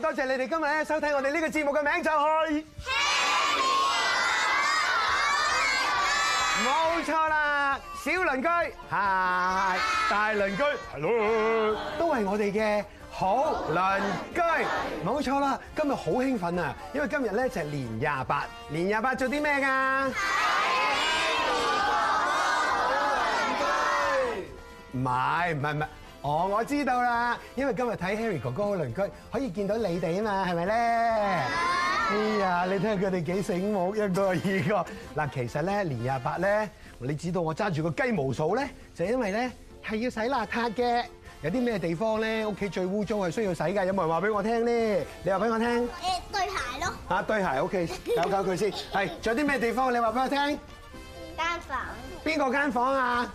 多謝你哋今日咧收睇我哋呢個節目嘅名就係，冇錯啦，小鄰居係大鄰居係咯，都係我哋嘅好鄰居，冇錯啦。今日好興奮啊，因為今日咧就係年廿八，年廿八做啲咩㗎？睇鄰居歌好鄰居，唔係唔係。哦，我知道啦，因為今日睇 Harry 哥哥嘅鄰居，可以見到你哋啊嘛，係咪咧？哎呀，你睇下佢哋幾醒目，一個二個。嗱，其實咧年廿八咧，你知道我揸住個雞毛掃咧，就因為咧係要洗邋遢嘅。有啲咩地方咧屋企最污糟係需要洗㗎？有冇人話俾我聽咧？你話俾我聽。誒，對鞋咯。嚇，對鞋，屋企教教佢先。係，仲有啲咩地方你話俾我聽？間房。邊個間房啊？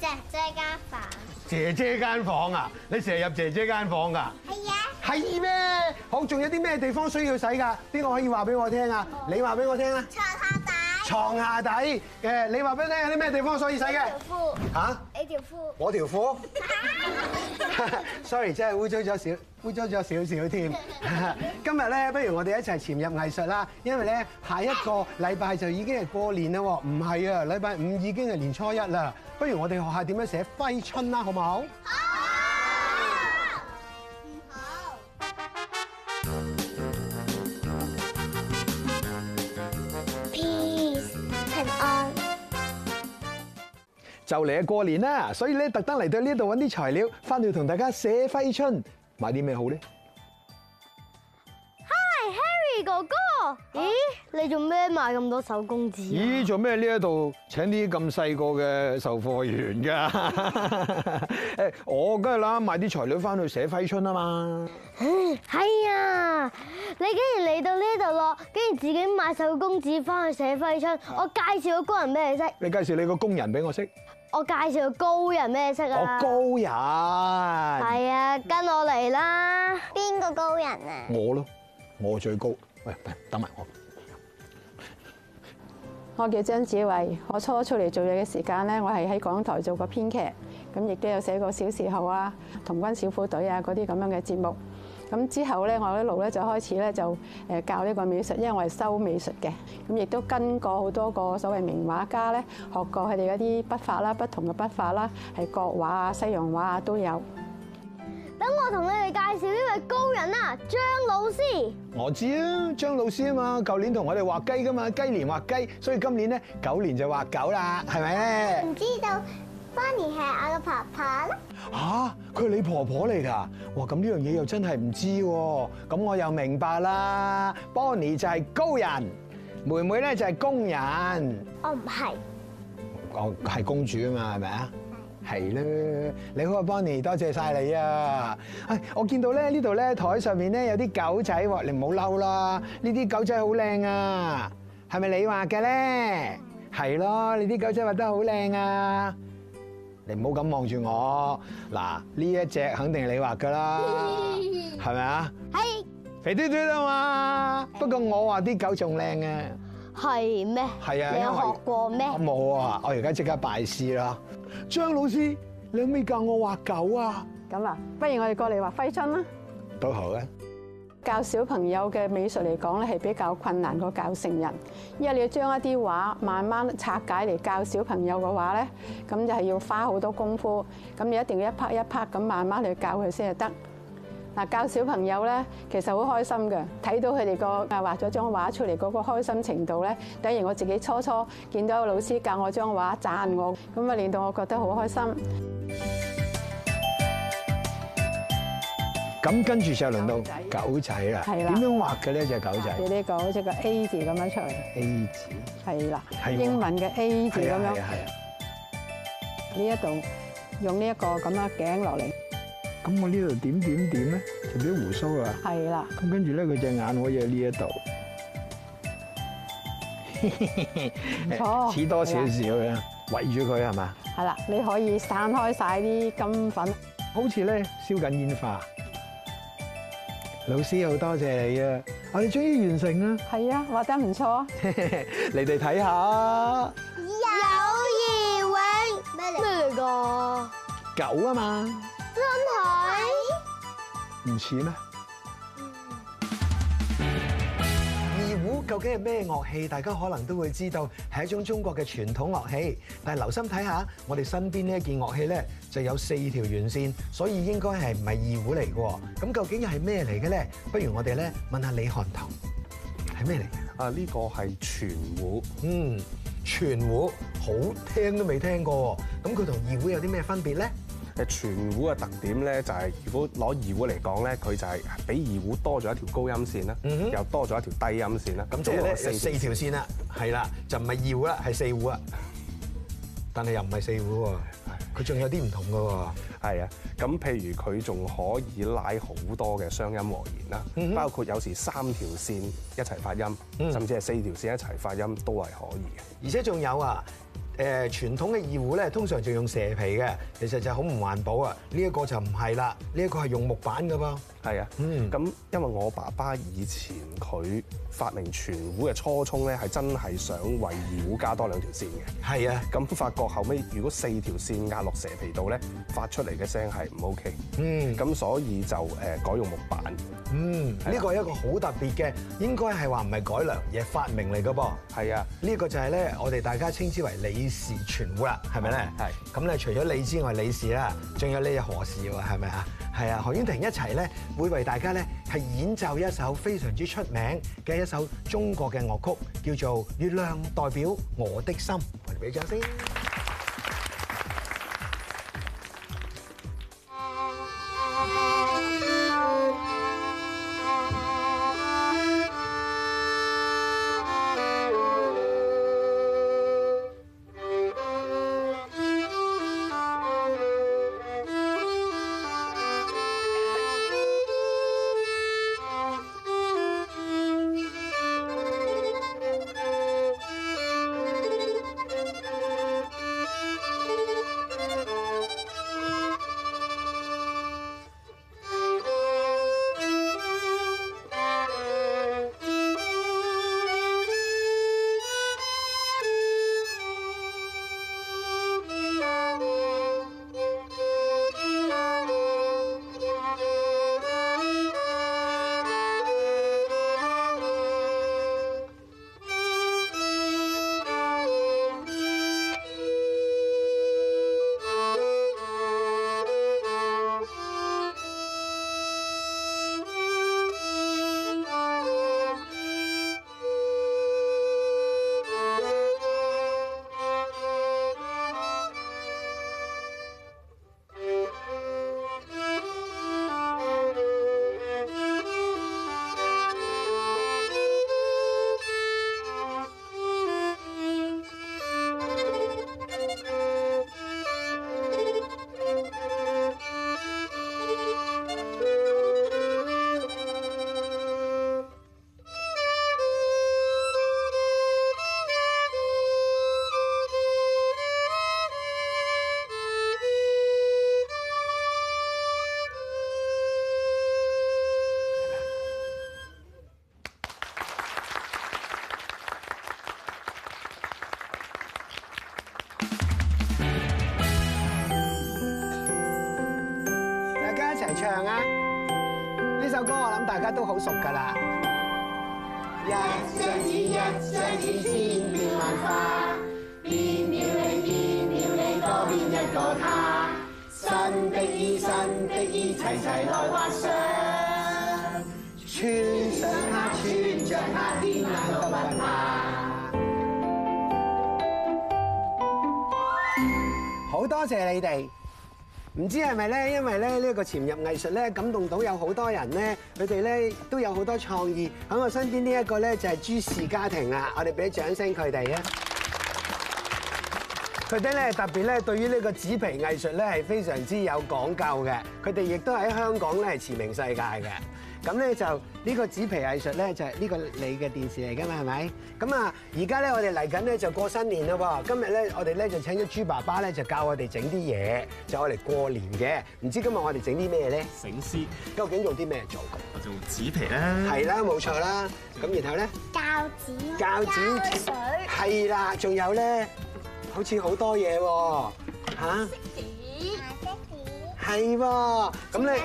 姐姐間房，姐姐間房啊！你成日入姐姐間房噶的，係啊，係咩？好，仲有啲咩地方需要洗噶？邊個可以話俾我聽啊？你話俾我聽啊，床下底，床下底。誒，你話俾我聽有啲咩地方需要洗嘅？吓？你條褲我條褲 ？Sorry，真係污糟咗少，污糟咗少少添。今日咧，不如我哋一齊潛入藝術啦，因為咧，下一個禮拜就已經係過年啦，唔係啊，禮拜五已經係年初一啦。不如我哋學下點樣寫揮春啦，好唔好？好。就嚟啊，過年啦，所以你特登嚟到呢度搵啲材料，翻去同大家寫揮春，買啲咩好咧？Hi，Harry 哥哥，咦、啊，你做咩買咁多手工紙？咦、啊，做咩呢一度請啲咁細個嘅售貨員噶？誒， 我梗係啦，買啲材料翻去寫揮春啊嘛。係啊、哎，你竟然嚟到呢度咯，竟然自己買手工紙翻去寫揮春，啊、我介紹個工人俾你識。你介紹你個工人俾我識。我介紹高人咩色啊！我高人係啊，跟我嚟啦！邊個高人啊？我咯，我最高。喂，等埋我。我叫張子慧，我初出嚟做嘢嘅時間咧，我係喺港台做過編劇，咁亦都有寫過《小時候》啊，《童軍小虎隊》啊嗰啲咁樣嘅節目。咁之後咧，我一路咧就開始咧就誒教呢個美術，因為我係修美術嘅，咁亦都跟過好多個所謂名畫家咧，學過佢哋嗰啲筆法啦，不同嘅筆法啦，係國畫啊、西洋畫啊都有。等我同你哋介紹呢位高人啊，張老師。我知啊，張老師啊嘛，舊年同我哋畫雞㗎嘛，雞年畫雞，所以今年咧，狗年就畫狗啦，係咪咧？唔知道。Bonnie 係我嘅婆婆啦。吓，佢係你婆婆嚟噶？哇，咁呢樣嘢又真係唔知。咁我又明白啦。Bonnie 就係高人，妹妹咧就係工人。哦，我唔係，我係公主啊嘛，係咪啊？係啦。你好啊，Bonnie，多謝晒你啊。哎，我見到咧呢度咧台上面咧有啲狗仔喎，你唔好嬲啦。呢啲狗仔好靚啊，係咪你畫嘅咧？係咯，你啲狗仔畫得好靚啊。你唔好咁望住我，嗱，呢一隻肯定係你畫噶啦，係咪啊？係嗎，肥嘟嘟啊嘛。不過我話啲狗仲靚嘅，係咩的？係啊，你有學過咩？冇啊，我而家即刻拜師啦。張老師，你可唔可以教我畫狗啊？咁啊，不如我哋過嚟畫揮春啦。都好啊。教小朋友嘅美術嚟講咧，係比較困難過教成人，因為你要將一啲畫慢慢拆解嚟教小朋友嘅話咧，咁就係要花好多功夫，咁你一定要一拍一拍咁慢慢嚟教佢先係得。嗱，教小朋友咧，其實好開心嘅，睇到佢哋個畫咗張畫出嚟，嗰個開心程度咧，等於我自己初初見咗個老師教我張畫，讚我，咁啊令到我覺得好開心。咁跟住就輪到狗仔啦。係啦了。點樣畫嘅咧？隻狗仔。呢個好似個 A 字咁樣出嚟。A 字。係啦了。係了英文嘅 A 字咁樣。係啊係啊。呢一度用呢一個咁樣頸落嚟。咁我呢度點點點咧？就啲胡鬚啊。係啦了。咁跟住咧，佢隻眼可以喺呢一度。唔錯 似多少少咁樣圍住佢係嘛？係啦，你可以散開晒啲金粉。好似咧燒緊煙花。老師好多謝謝你啊！我哋終於完成啦，係啊，畫得唔錯啊。你哋睇下，友二永咩嚟㗎？狗啊嘛，真係唔似咩？究竟係咩樂器？大家可能都會知道係一種中國嘅傳統樂器。但係留心睇下，我哋身邊呢一件樂器咧，就有四條弦線，所以應該係唔係二胡嚟嘅？咁究竟又係咩嚟嘅咧？不如我哋咧問下李漢堂，係咩嚟嘅？啊，呢個係全胡。嗯，全胡好聽都未聽過。咁佢同二胡有啲咩分別咧？全胡嘅特點咧，就係如果攞二胡嚟講咧，佢就係比二胡多咗一條高音線啦，又多咗一條低音線啦，咁做落去四條線啦，係啦，就唔係二胡啦，係四胡啊，但係又唔係四胡喎，佢仲有啲唔同㗎喎，係啊，咁譬如佢仲可以拉好多嘅雙音和弦啦，包括有時三條線一齊發音，嗯、甚至係四條線一齊發音都係可以嘅，而且仲有啊。誒傳統嘅二胡咧，通常就用蛇皮嘅，其實就好唔環保啊！呢一個就唔係啦，呢一個係用木板噶噃。係啊，嗯，咁因為我爸爸以前佢。發明全胡嘅初衷咧，係真係想為二胡加多兩條線嘅。係啊，咁發覺後尾，如果四條線壓落蛇皮度咧，發出嚟嘅聲係唔 OK。嗯，咁所以就誒改用木板。嗯，呢個係一個好特別嘅，係啊。應該係話唔係改良嘢發明嚟嘅噃。係啊，呢個就係咧，我哋大家稱之為李氏全胡啦，係咪咧？係。咁咧，除咗李之外，李氏啦，仲有呢李何氏喎，係咪啊？係啊，何婉婷一齊咧，會為大家咧係演奏一首非常之出名嘅一首中國嘅樂曲，叫做《月亮代表我的心》，我哋俾掌聲。都好熟㗎喇！一張紙，一張紙，千變萬化，變變你，變變你，多變一個他。新的衣，新的衣，齊齊來畫上。穿上下，穿着它，天南到雲北。好多謝你哋。唔知係咪咧？因為咧呢一個潛入藝術咧，感動到有好多人咧，佢哋咧都有好多創意。喺我身邊呢一個咧就係朱氏家庭啊！我哋俾啲掌聲佢哋啊！佢哋咧特別咧對於呢個紙皮藝術咧係非常之有講究嘅，佢哋亦都喺香港咧係馳名世界嘅。咁咧就呢個紙皮藝術咧就係呢個你嘅電視嚟噶嘛係咪？咁啊而家咧我哋嚟緊咧就過新年嘞喎！今日咧我哋咧就請咗豬爸爸咧就教我哋整啲嘢，就我嚟過年嘅。唔知今日我哋整啲咩咧？醒獅究竟用啲咩做？我做紙皮啦。係啦，冇錯啦。咁然後咧？膠紙。膠紙。水。係啦，仲有咧，好似好多嘢喎。嚇？色紙。顏色紙。係喎。咁咧？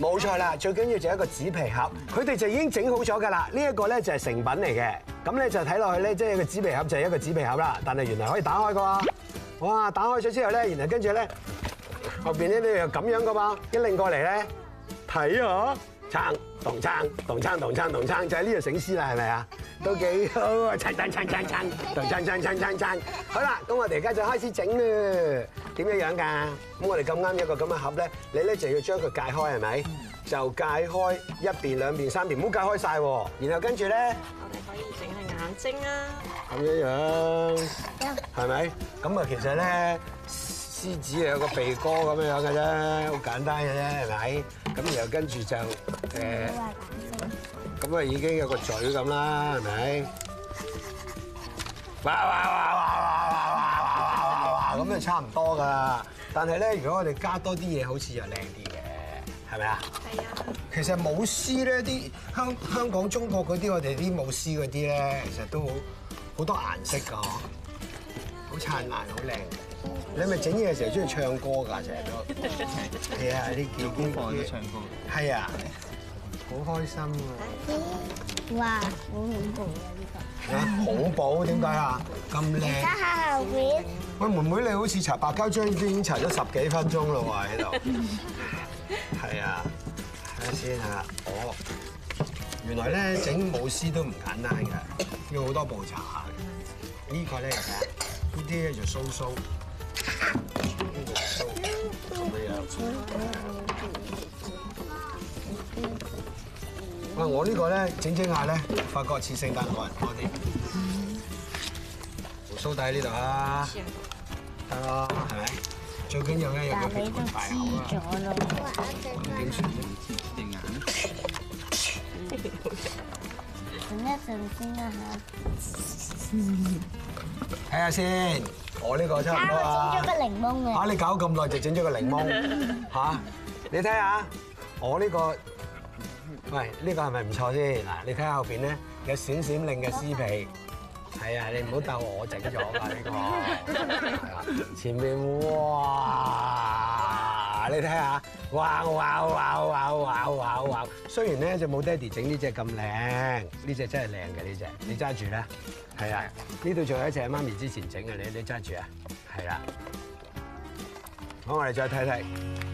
冇錯啦，最緊要就係一個紙皮盒，佢哋就已經整好咗㗎啦。呢一個咧就係成品嚟嘅，咁咧就睇落去咧，即係個紙皮盒就係一個紙皮盒啦。但係原來可以打開喎。哇！打開咗之後咧，然後跟住咧後邊呢，咧又咁樣㗎嘛，一擰過嚟咧，睇啊！撐，同撐，同撐，同撐，同撐，就係呢度醒獅啦，係咪啊？都幾好啊，撐撐撐撐撐，就撐撐撐撐撐。好啦，咁我哋而家就開始整啦。點樣樣㗎？咁我哋咁啱有個咁嘅盒咧，你咧就要將佢解開係咪？就解開一邊、兩邊、三邊，唔好解開曬。然後跟住咧，我哋可以整下眼睛啦。咁樣樣，係咪？咁啊，其實咧，獅子有個鼻哥咁樣樣嘅啫，好簡單嘅啫，係咪？咁然後跟住就誒。冇話眼睛。咁啊已經有個嘴咁啦，係咪？哇哇哇哇哇哇哇哇哇哇哇！咁就差唔多㗎。但係咧，如果我哋加多啲嘢，好似就靚啲嘅，係咪啊？係啊。其實舞獅咧，啲香香港、中國嗰啲我哋啲舞獅嗰啲咧，其實都好好多顏色㗎，好燦爛，好靚。你咪整嘢嘅時候中意唱歌㗎，成日都。係啊，啲舞獅放都唱歌。係啊。好開心啊！哇，好恐怖啊！呢個好恐怖點解啊？咁靚。喂，妹妹，你好似搽白膠漿已經搽咗十幾分鐘嘞喎，喺度。係啊，睇下先吓。哦，原來咧整舞獅都唔簡單嘅，要好多步驟嘅。呢、呢個咧係咩？呢啲咧叫蘇蘇。我呢個咧整整下咧，發覺似聖誕老人多啲。鬍鬚戴喺呢度啊，得囉，係咪？最緊要咧，眼睇下先，我呢個差唔多整咗個檸檬啊吓，你搞咁耐就整咗個檸檬吓，你睇下我呢個。喂，呢個係咪唔錯先？嗱，你睇下後邊咧有閃閃令嘅獅皮，係啊，你唔好逗我整咗㗎呢個。係啊，前面，哇，你睇下，哇哇哇哇哇哇哇，雖然咧就冇爹哋整呢隻咁靚，呢隻真係靚嘅呢隻，你揸住啦。係啊，呢度仲有一隻係媽咪之前整嘅，你你揸住啊。係啦，好，我哋再睇睇。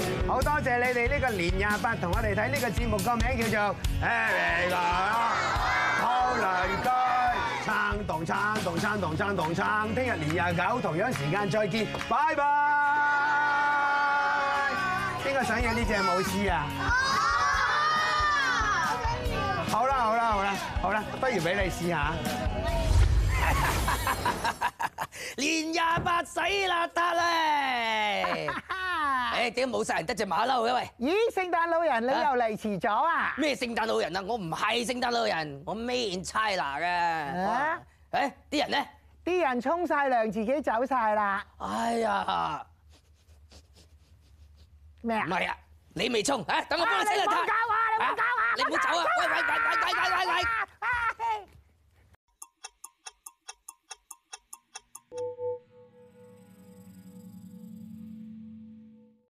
好多謝你哋呢個年廿八同我哋睇呢個節目，個名叫做《Everyday 康樂居撐棟撐棟撐棟撐棟撐棟撐》，聽日年廿九同樣時間再見，拜拜。邊個想影呢隻舞獅啊？好啦好啦好啦好啦，不如俾你試下。年廿八洗邋遢咧。點解冇晒人，得隻馬騮嘅喂？咦，聖誕老人你又嚟遲咗啊？咩聖誕老人啊？我唔係聖誕老人，我 made in China 嘅誒，啲人咧？啲人沖晒涼，自己走晒啦。哎呀，咩啊？唔係啊？你未沖啊？等我幫你洗邋遢，你唔好搞啊？你唔好搞啊？你唔好走啊！喂！喂喂喂喂喂喂！